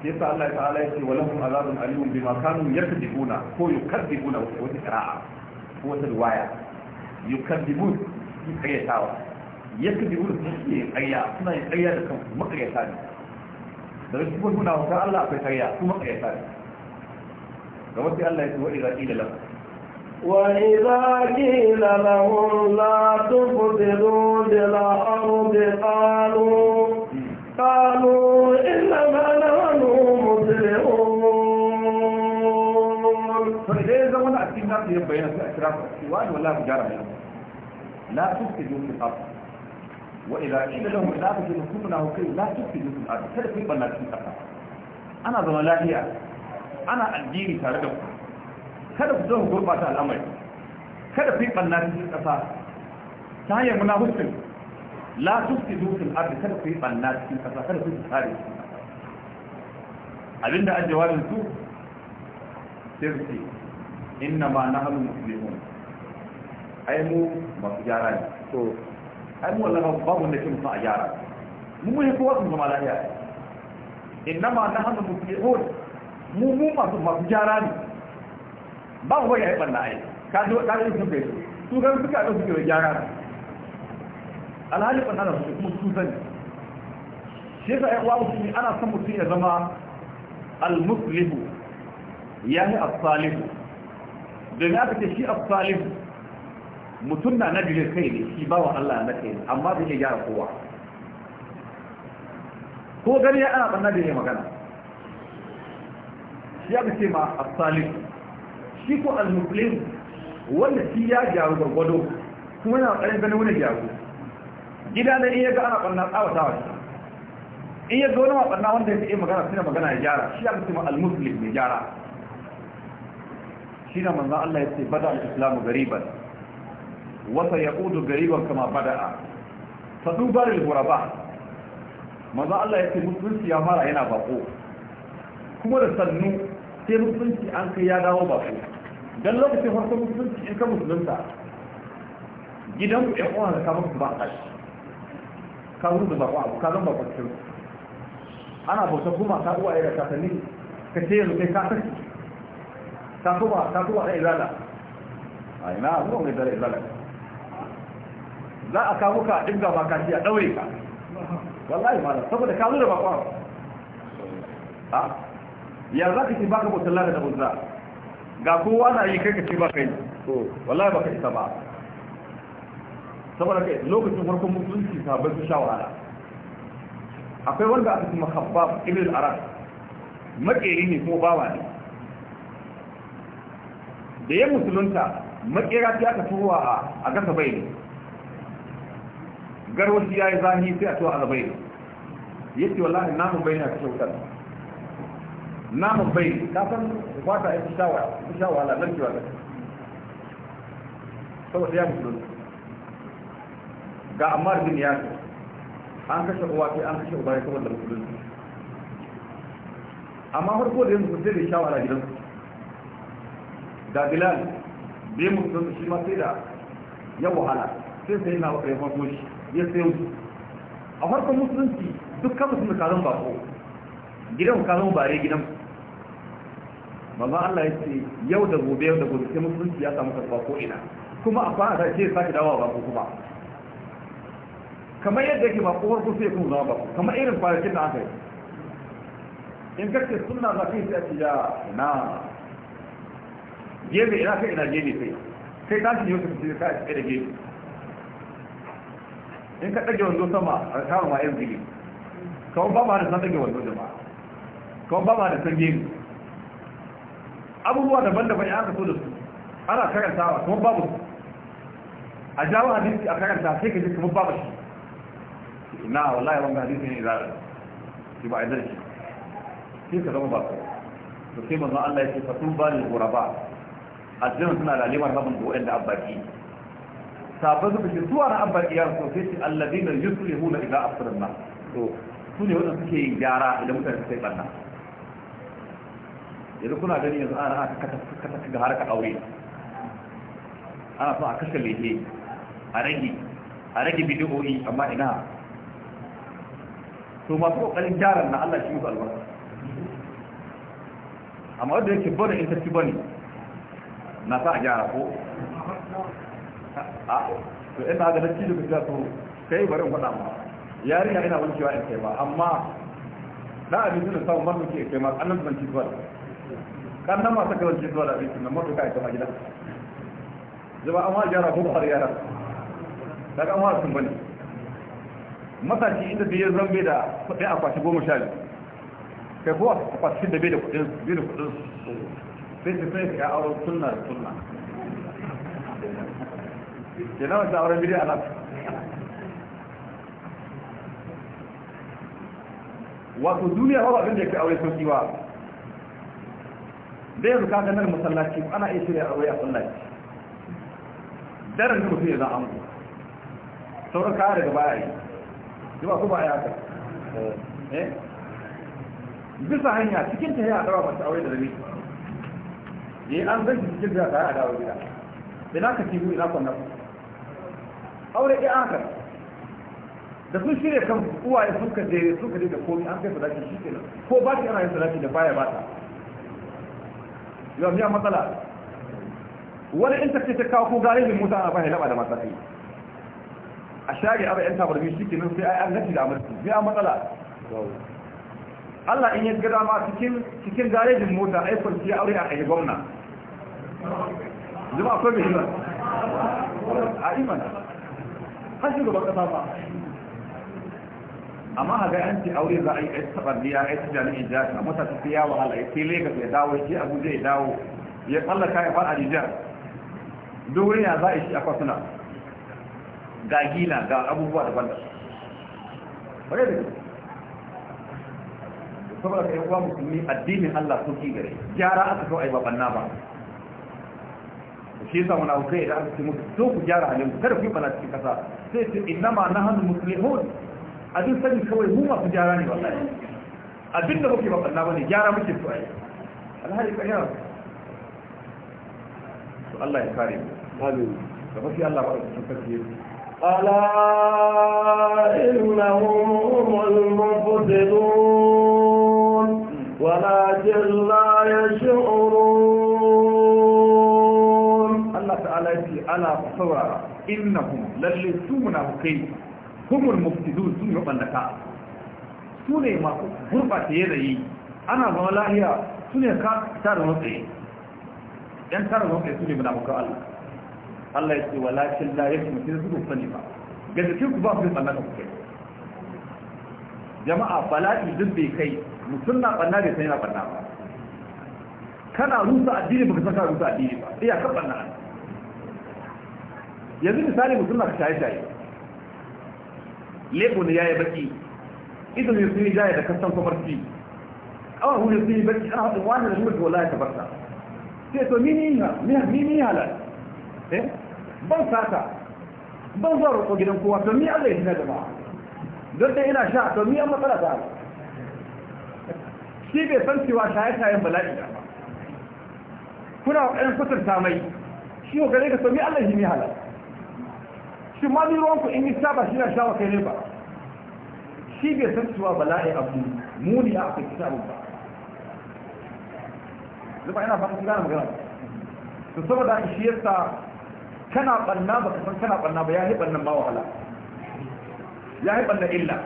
yasa Allah ta'ala ya ce wa lahum azabun alimun bima kanu yakdibuna ko yukadibuna wata qira'a ko wata riwaya yukadibun karyatawa ya kaji wurin sun suke yin karya suna yin karya da kanku makaryata ne da wasu kuma suna wata Allah akwai karya su makaryata ne ga wasu Allah ya ce zaƙi da lafa وإذا قيل لا تفسدوا في الأرض وإذا قيل لهم لا تفسدوا كلنا وكيل لا تفسدوا في الأرض كذا في بنات في الأرض ظن لا هي أنا الديني تاركم kada ku zo ku gurbata al'amari kada ku yi ɓanna cikin ƙasa ta hanyar muna hussin la tuski dukkan arzi kada ku yi ɓanna cikin ƙasa kada ku yi tsari abinda an inna ma na aimu masu gyara ne to aimu wani wallahi babu da kin a gyara mu mu kowa wasu zama lafiya innama na hannun mu mu masu masu gyara ne ba mu ya na ai ka zo ka yi sun kai su kan suka da suke gyara ne alhali ban ana su kuma su sani shi yasa ai sun musulmi ana son mutum ya zama al ya yahi as-salihu domin aka fita shi as-salihu mutum na na bilin kai ne shi ba wa Allah na kai ne amma bai iya gyara kowa ko gani ya ana ɓanna da ya magana shi ya ce ma asalin shi ko al-muslim wanda shi ya gyaru gwargwado kuma yana ƙarin ganin wani gyaru gida na iya ga ana ɓanna tsawata wa in ya zo na ɓanna wanda ya fi magana suna magana ya gyara shi ya ce ma al-muslim ya gyara shi na manzan Allah ya ce bada al-islamu gariban wata ya'udu gariban kama bada'a ba dubar al ba. Maza Allah ya ce musulunci ya fara yana bako kuma da sannu sai musulunci an kai ya dawo bako dan lokacin farko musulunci in ka musulunta gidan ku ɗan uwa da su ba a ka wuce bako abu ka ba bako cikin ana bauta kuma ta uwaye da kakanni ka ce yanzu kai ka saki ta kuma ta kuma da izala a ina zuwa mai dare izala za a kawo ka dinga ba kashi a daure ka wallahi malam saboda ka zo da bakon ha ya za ka ce baka bautar lada da bautar ga kowa na yi kai ka ce baka yi to wallahi baka isa ba saboda kai lokacin farkon mutunci sabon su sha wahala akwai wanda aka kuma habab ibn al-arab makeri ne ko bawa ne da ya musulunta makera ta aka tuwa a gasa bai ne garwashi ya yi zahi sai a tuwa albainu ya ce wallahi namun bai na kashe wutar namun bai ta san fata ya fi shawa la narkewa da saboda ya musulun ga amma bin ya an kashe uwa ce an kashe uba ya saboda musulun amma farko da yanzu sai da shawa gidan gidansu da bilal bai musulun shi ma sai da ya wahala sai sai na wakilai fasoshi ya sayo su a farkon musulunci duk kama suna kazan bako gidan kazan bare gidan mamma Allah ya ce yau da gobe yau da gobe sai musulunci ya samu karfa ko ina kuma a fara da ce sake dawowa bako kuma kamar yadda yake bako farko sai kuma zama bako kamar irin kwanakin da aka yi in kake suna za ka yi sai a ce ya na gebe ina kai ina gebe kai kai tashi yau ka fi ka a cikin da gebe in ka ɗage wando sama a kama ma yan zigi kawai ba ma da san ɗage wando jama'a kawai ba ma da san gemu abubuwa daban-daban ya aka so da su ana wa kuma babu su a jawo hadisi a karanta sai ka ji kuma babu shi ina wallahi wanga hadisi ne zara shi ba a idan shi sai ka zama ba su to sai manzo Allah ya ce fatu ba lil ghuraba aljanna tana da limar rabin da abba ke sabon da ke zuwa na abar iya su sai ya huna yusrihuna afirin asrarna to su ne wanda suke yin gyara idan mutane su yi barna yanzu kuna gani yanzu ana aka kata kata ga harkar aure ana so a kashe lehe a rage a rage bidiyoyi amma ina to masu kokarin gyaran na Allah shi musu albarka amma wanda yake bane in tafi bane na sa a gyara ko to ina ga nake da da to kai bari mu faɗa ma yarinya ina wancewa in kai ba amma na abin da samu mafi ke kai ma annan zan ci zuwa kan nan ma saka zan ci zuwa da abin nan mafi kai kuma gida Zuba an jara ko har yara daga an wa sun bane matashi inda da ya zambe da kuɗi a kwashi goma sha biyu kai ko a kwashi da bai da kuɗin bai da kuɗin sai sai ka aure sunna sunna ke na wancan auren bidiyar alaƙa wato duniya ba abin da ya ke aure sauki ba da yanzu ka ganar masallaci ana iya shirya aure a sallaci daren da mutum ya za an sauran kaya daga baya yi yi ba ku ba ya haka eh? bisa hanya cikin ta ya dawa masu aure da rabi ya yi an zai cikin da ya a dawa gida ina ka tibu ina kwanan aure ɗaya an da sun shirya kan uwaye sun ka je sun ka da komi an kai sadaki shi kenan ko ba shi ana yin sadaki da baya ba ta yau ya matsala wani in tafi ta kawo ko gari mai musa ana ya laba da matsayi a shari'a abin yan tabarmi shi kenan sai ai an gaci da amurci sai matsala Allah in ya gada ma cikin cikin garejin mota ai kwanci aure a kai gwamna zuma akwai mai ba a imana har shugaban kasa ba amma a ga an ce aure za a yi a taɓar biya a yi jami'in jasa a masa tafi ya wahala ya sai lagos ya dawo shi abuja ya dawo ya tsallaka ya fara nijar duk wuri ya za a yi shi a kwasuna ga gina ga abubuwa daban da bare da saboda ka yi kuwa musulmi addinin allah sun ki gare gyara aka so a yi babanna ba shi yasa wani abu kai da aka ce musu so ku gyara halin ku kada ku yi bana cikin kasa سے کہ انما نحن مسلمون ادي سن کوئی ہوا بجارانی وتا ہے ادن کو کہ وہ اللہ نے 11 مچ تو ہے اللہ ہی کہے تو اللہ کریم بھالو تو کہ اللہ بڑا سنتیں الا انهم المفسدون ولا جل لا يشعرون الله تعالى يقول الا فصورا انهم lalle su munafukai humul muftidun sun yi ka su ne masu gurɓata yanayi ana zama lahiya su ne ka tara matsayi yan tara matsayi su ne munafukan Allah Allah ya ce walakin la yake mutum su sani ba ga jikin ku ba su ballaka ka kai jama'a bala'i duk bai kai mutum na banna bai sanya banna ba kana rusa addini baka san rusa addini ba iya ka banna yanzu misali mutum na shaye-shaye lebo ne ya yi baki idan ne sun yi jaya da kasan kwamarci awar hune sun yi baki ana haɗin wani da shi mutu wallahi tabarta sai to mini yi halar ban sata ban zuwa roƙo gidan kowa to mi allah ya shi na gaba. don dai ina sha to mi an matsala ta ala shi bai san cewa shaye-shayen bala'i ba kuna waɗannan kwatanta mai shi ko gare ka to mi allah shi mi halar shi ma ni ruwanku in yi saba shi na shawa kai ne ba shi bai san cewa bala'i abu muni a kai kisa ba zuba ina fata kun gane magana to saboda shi yasa kana banna ba san kana banna ba ya yi bannan ba wahala ya yi banna illa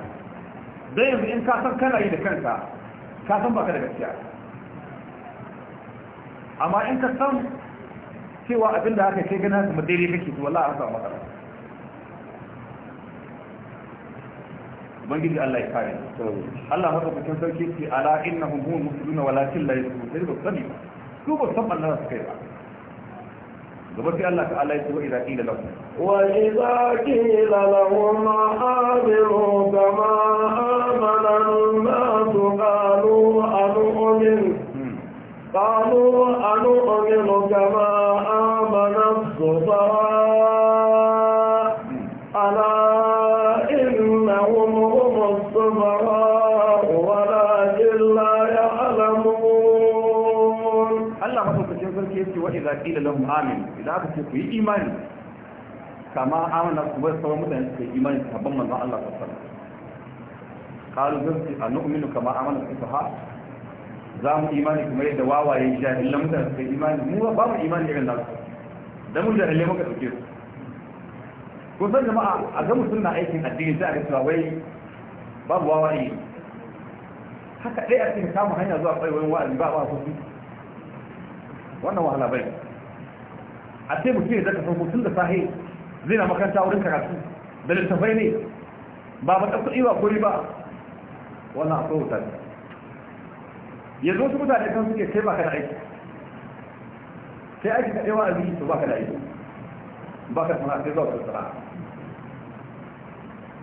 dan yanzu in ka san kana yi da kanka ka san baka da gaskiya amma in ka san cewa abinda haka kai gana kuma daidai kake to wallahi an samu matsala ubangiji Allah ya kare Allah haka cikin sarki ce ala innahum hum muslimuna walakin la yuslimun sai ba sani su ba san Allah su kai ba gaba sai Allah ta'ala ya ce wa idza qila lahum wa idza qila lahum aamiru kama amana an-nas qalu anu'min hmm. qalu anu'minu kama amana as-sufara wa idza qila lahum amin idan aka ce ku yi imani kama amana ku bar sauran mutane suka yi imani sabon manzon Allah sallallahu alaihi wasallam qalu zanti anu'minu kama amana sufaha za mu imani kuma yadda wawaye jahilan mutane suka yi imani mu ba mu imani irin nasu don mun jahilai muka dauke su ko san jama'a a ga mutum na aikin addini sai a ga cewa wai babu wawaye haka ɗaya a cikin samun hanya zuwa tsaiwayin wa'azi ba ba su wannan wahala bai a ce mutum da zaka farko tun da sahi zai na makaranta wurin karatu da littafai ne ba ba ta kuɗi ba kuri ba wannan akwai wutar yanzu wasu mutane kan suke sai baka da aiki sai aiki ka ɗewa a zuci to baka da aiki baka da sana'a sai zuwa wata sana'a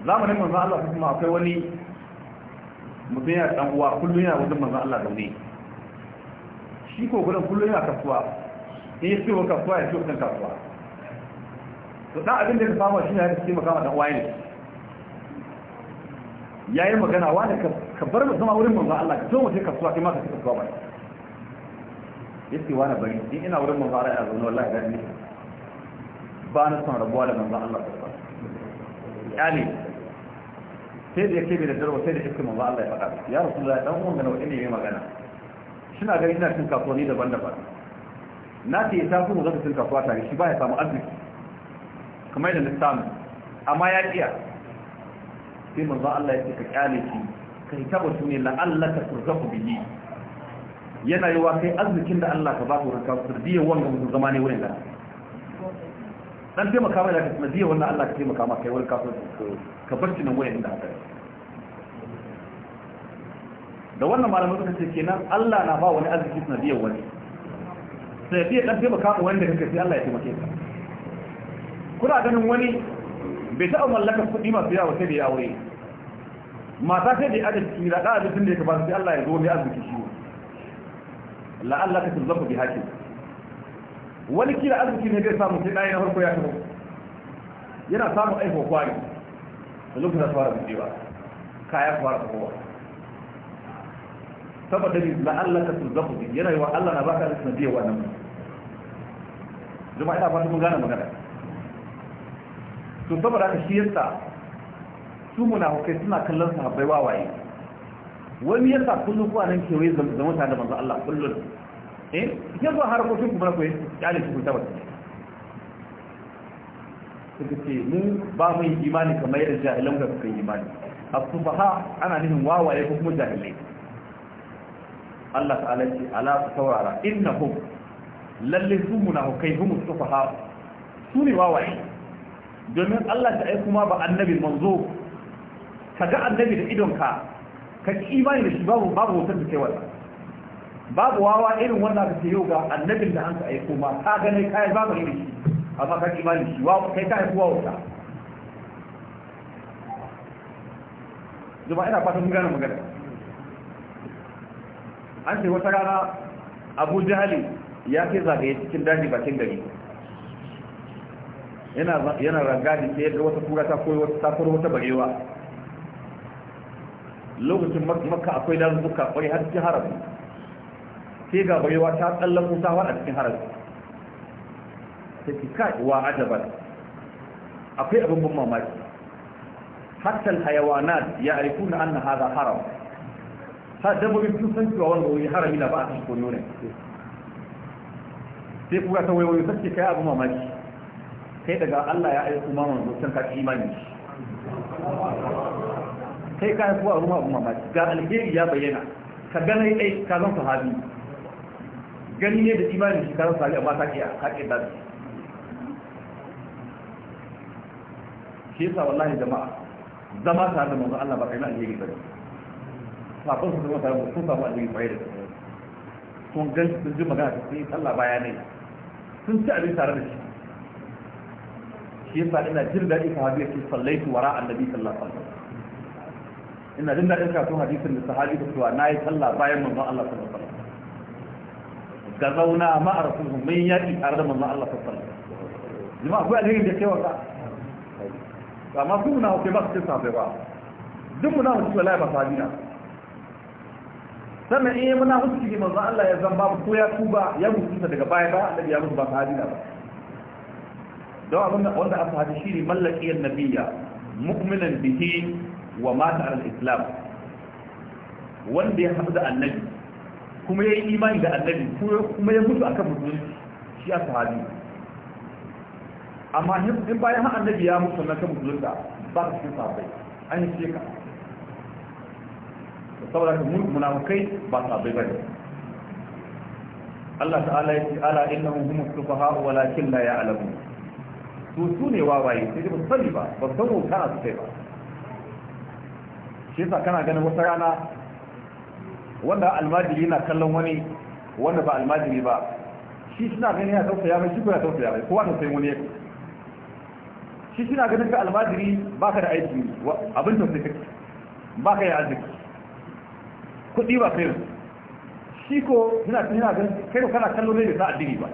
zamanin manzan Allah kuma akwai wani mutum ya ɗan uwa kullum yana wajen manzan Allah zaune شيكو غلام كله يا كفوا هي سيو كفوا يا شو كن كفوا فدا ابن ده فاما شي هذا السيما كما ده واين يا يا مغنا وانا كبر مسما ورين من الله جو متي كفوا كما كفوا باي يسي وانا بني دي إن ورين من الله يا زون والله غني بان سن ربوا من الله يعني سيد يكتب الدرو سيد يكتب من الله يا رسول الله تقول من وين يجي مغنا suna ganin suna cin kasuwanni daban-daban na ce ya tafi mu zaka cin kasuwa tare shi ba ya samu arziki kamar yadda na samu amma ya ƙiya sai manzo Allah ya ce ka kyale shi ka hita batu ne la'allaka ku biyi yana yi wa kai arzikin da Allah ka ba ku ka turbiya wanga mutum zama ne wurin da dan taimaka mai da ka biya wannan Allah ka taimaka ma kai wurin kasuwa ka bar shi nan wurin da haka da wannan malamai suka ce kenan Allah na ba wani arziki suna biyan wani sai biya ɗan taimaka mu wanda kake sai Allah ya taimake ka kuna ganin wani bai taɓa mallakar kuɗi masu yawa sai da ya aure mata sai da ya ajiye cikin raɗa abincin da ya kamata sai Allah ya zo mai arziki shi la'alla ka tuzzafa bi hakim wani kila arziki ne zai samu sai ɗaya na farko ya taɓa yana samun aiko kwari da lokacin da fara buɗewa kaya fara kowa saboda Allah ka tuzafu bi yana yiwa Allah na baka rikin biya wannan jama'a ina fata mun gane magana to saboda ka shi yasa su munafukai suna kallon sahabbai wawaye wani yasa kullum kuwa nan kewaye da mutane manzo Allah kullum eh yanzu harkokin kuma na koyi Ya shi kuta wata suka ce mu ba mu yi imani kamar yadda jahilan ga kan yi imani a ha ana nufin wawaye ko kuma jahilai Allah ta'ala ce ala ku saurara innahum lalle su munafikai hum sufaha su fa su ne wawaye domin Allah ta aiki ma ba annabi manzo ga annabi da idonka ka ki imani da shi babu babu wutar da kai babu wawa irin wanda ka ce yau ga annabin da an ka aiko ma ka gane kai babu irin shi amma ka ki imani shi wawa kai ka aiki wawa ta zuma ina fatan mun gane magana an ce wata rana abu jihali ya ke zagaye cikin daji bakin gari yana rangani sai yadda wata kura ta koyi wata tafar wata barewa lokacin makka akwai dazuzzuka kwari har cikin haram. sai ga barewa ta tsallon kusa a cikin haram. ta fi kaɗuwa wa ajabar akwai abin ban mamaki hatta hayawanat ya aiku na anna hada haram ha dabbobi sun san cewa wanda wani harami na ba a kashe koyo ne sai kuka ta wayoyi sace kai abu mamaki kai daga Allah ya aiko ma manzo can ka imani kai ka kuwa ruwa abu mamaki ga alheri ya bayyana ka gana dai ka zan sahabi gani ne da imani shi ka zan sahabi amma ta kiya ka ke da shi yasa wallahi jama'a zama tare da manzo Allah ba kai na alheri ba ne. sabon su zama tare sun samu annabi kwaye da su sun gan sun ji magana sun yi sallah baya ne sun ci abin tare da shi shi yasa ina jin daɗi sahabi yake sallaitu wara annabi sallallahu alaihi wasallam ina jin daɗin karatun hadisin da sahabi da cewa yi sallah bayan manzon Allah sallallahu alaihi wasallam gazauna ma'a rasulun min yaƙi tare da manzon Allah sallallahu alaihi wasallam jama'a akwai alheri da kewa ka amma su muna su cikin sahabai ba duk muna hukumar lai ba sahabi na sannan in yi muna musu cikin manzo Allah ya zan babu ko ya tuba ya mutunta daga baya ba annabi ya musu ba sahabi ba don abin wanda aka hadi shi ne mallakiyar nabiya mu'minan bihi wa mata al islam wanda ya haɗu da annabi kuma ya yi imani da annabi kuma ya mutu akan musulunci shi ya amma in bayan annabi ya mutu na kan musulunta ba ka cikin an yi shekara saboda ka kai, ba su abai ne. Allah ta'ala ya ce ala innahum hum sufaha walakin la ya'lamun su su ne wawaye sai ba sani ba ba san wuta a su kai ba shi yasa kana ganin wata rana wanda almajiri na kallon wani wanda ba almajiri ba shi suna ganin ya tausaya mai shi ko ya tausaya mai kowa ta sai wani yake shi suna ganin ka almajiri ba ka da aiki abin tausayi kake baka da arziki kudi ba kai shi ko yana yana ganin kai kana kallon ne da addini ba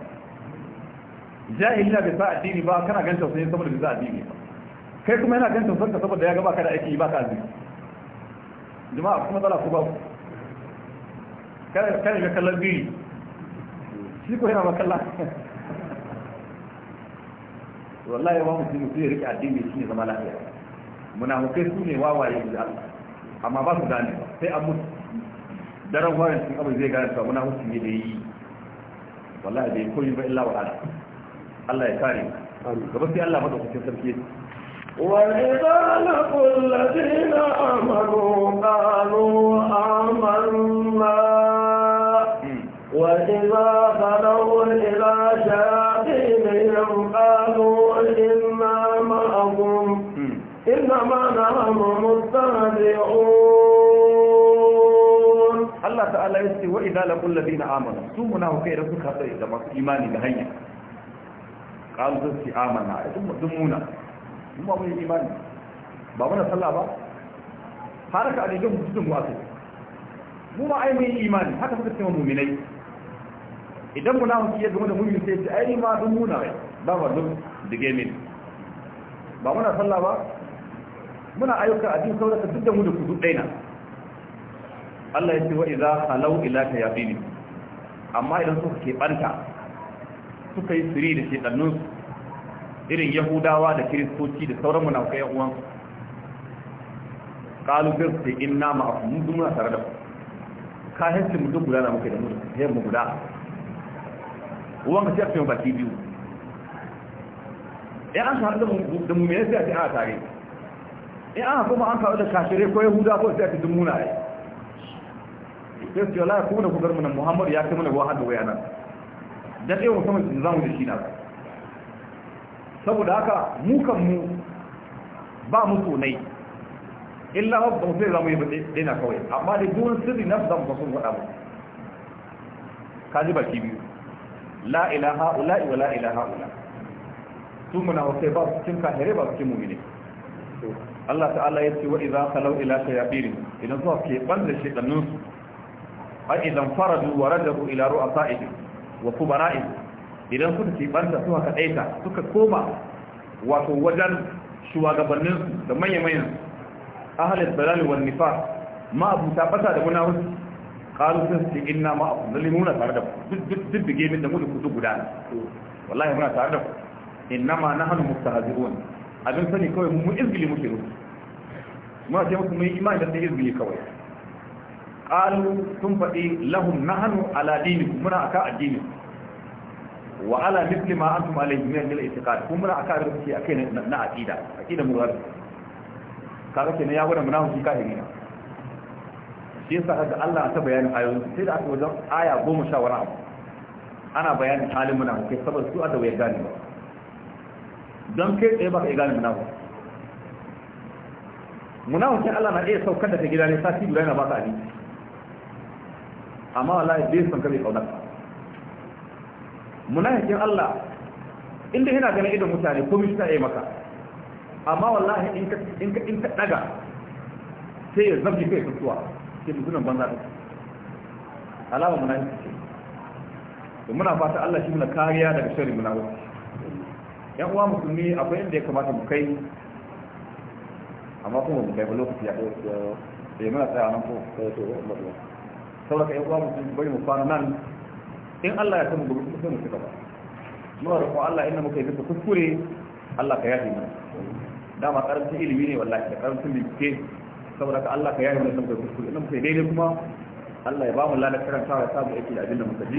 jahili na bai a addini ba kana ganin tausayi saboda bai sa addini ba kai kuma yana ganin tausayin ka saboda ya ga baka da aiki ba ka dini jama'a kuma matsala ku ba kai kai ga kallon biri shi ko yana makalla <laughs> wallahi ba mutum mutum ya rike addini ne zama lafiya hukai su ne wawaye da Allah amma ba su gane sai an mutu daren warin sun abin zai gane samu na hukun ne da yi wallahi bai koyi ba illa wa'ala Allah ya kare gaba sai Allah maka kucin sarki yake وإذا لقوا الذين آمنوا قالوا آمنا وإذا خلوا إلى شياطينهم قالوا إنا معكم إنما نحن مستهزئون ta'ala ya ce wa idza laqul ladina amanu su kai da suka tsaye da masu imani da hanya qalu sun amana idan mutum muna mun ba mun imani ba mun sallah ba har ka alijin mutum mu sai mu ma ai mun imani haka suka ce mu'minai idan munafiki ya gama mun mu'min sai ce ai ma dun muna ba ba dun dige min ba mun sallah ba muna ayyuka a cikin saurata duk da mu da ku duk daina Allah ya ce wa idza halau ila tayabini amma idan suka ke banta suka yi siri da shedannun irin yahudawa da kiristoci da sauran na kai uwan qalu bi sai inna ma'akum mun ma tare da ku ka hanci mu duk guda na muke da mu he mu guda uwan ka sai ba ki biyu ya an haɗu da mu me sai a a tare ya an kuma an kawo da kashire ko yahuda ko sai a ce duk yi sai su ce wala ku da ku mana muhammadu ya kai mana ruwa hada waya nan dan ɗaya musamman su zamu da shi na saboda haka mu kan mu ba mu sonai illa ba mu sai zamu yi daina kawai amma da duk sirri na zamu ba sun faɗa mu kaji baki biyu la ilaha ula wa la ilaha ula su muna wasu ba su cin kahere ba su cin ne. Allah ta'ala ya ce wa idza khalau ila shayatin idan suka ke banda shedannin su fa'idan faradu wa rajahu ila ru'asa'ihim wa kubara'ihim idan suka kibanta suka kadaita suka koma wato wajen shugabannin da manya-manyan ahalin balali wa nifar ma abu tabbata da muna wasu kalu sun ce inna ma abu lalle muna tare da duk duk bige min da mu da kudu guda wallahi muna tare da ku inna ma nahnu mustahzirun abin sani kawai mu izgili muke musu muna ce musu mu yi imani da ta izgili kawai qalu sun faɗi lahum nahnu ala dinikum muna aka addini wa ala mithli ma antum alayhi min al-i'tiqad kuma muna aka rubuci akai na aqida aqida murad kaga kenan ya gwada munafiki kafiri na shi yasa kaga Allah ta bayanin ayoyin sai da aka wajen aya 10 sha wani abu ana bayanin halin munafiki saboda su da wayar gane ba don kai tsaye baka ba ka gane munafiki munafikin Allah na iya saukar da ta gida ne sati guda na baka ka abinci amma wallahi bai san kabe kaunar munafikin Allah inda yana ganin idan mutane ko mishi sai yi maka amma wallahi in ka in ka in ka daga sai ya zabi kai tsuwa sai nan banza da alama munafiki ce to muna fata Allah shi muna kariya daga sharri munafiki yan uwa musulmi akwai inda ya kamata mu kai amma kuma mu kai lokaci ya ɗaya mana tsaya nan ko sai eh, to sauraka yan uwa mutum bari mu fara nan in Allah ya san gobe kuma sai mu ci gaba zuwa ko Allah inda muka yi duka kuskure Allah ka yafe mana dama karanta ilimi ne wallahi da karancin bincike saboda ka Allah ka yafe mana saboda kuskure inda muka yi daidai kuma Allah ya ba mu ladar karantawa ya samu aiki da abin da muka ji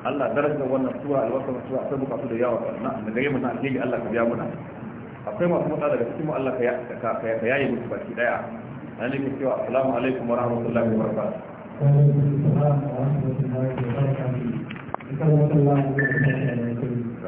Allah darajar wannan suwa albarkar suwa akwai bukatu da yawa na da gare mu na alheri Allah ka biya muna akwai masu mutsa daga cikin mu Allah ka yaye musu baki daya an ne ke cewa assalamu alaikum wa rahmatullahi wa barakatuh وعليكم السلام ورحمة الله وبركاته. نسأل الله أن يجعلنا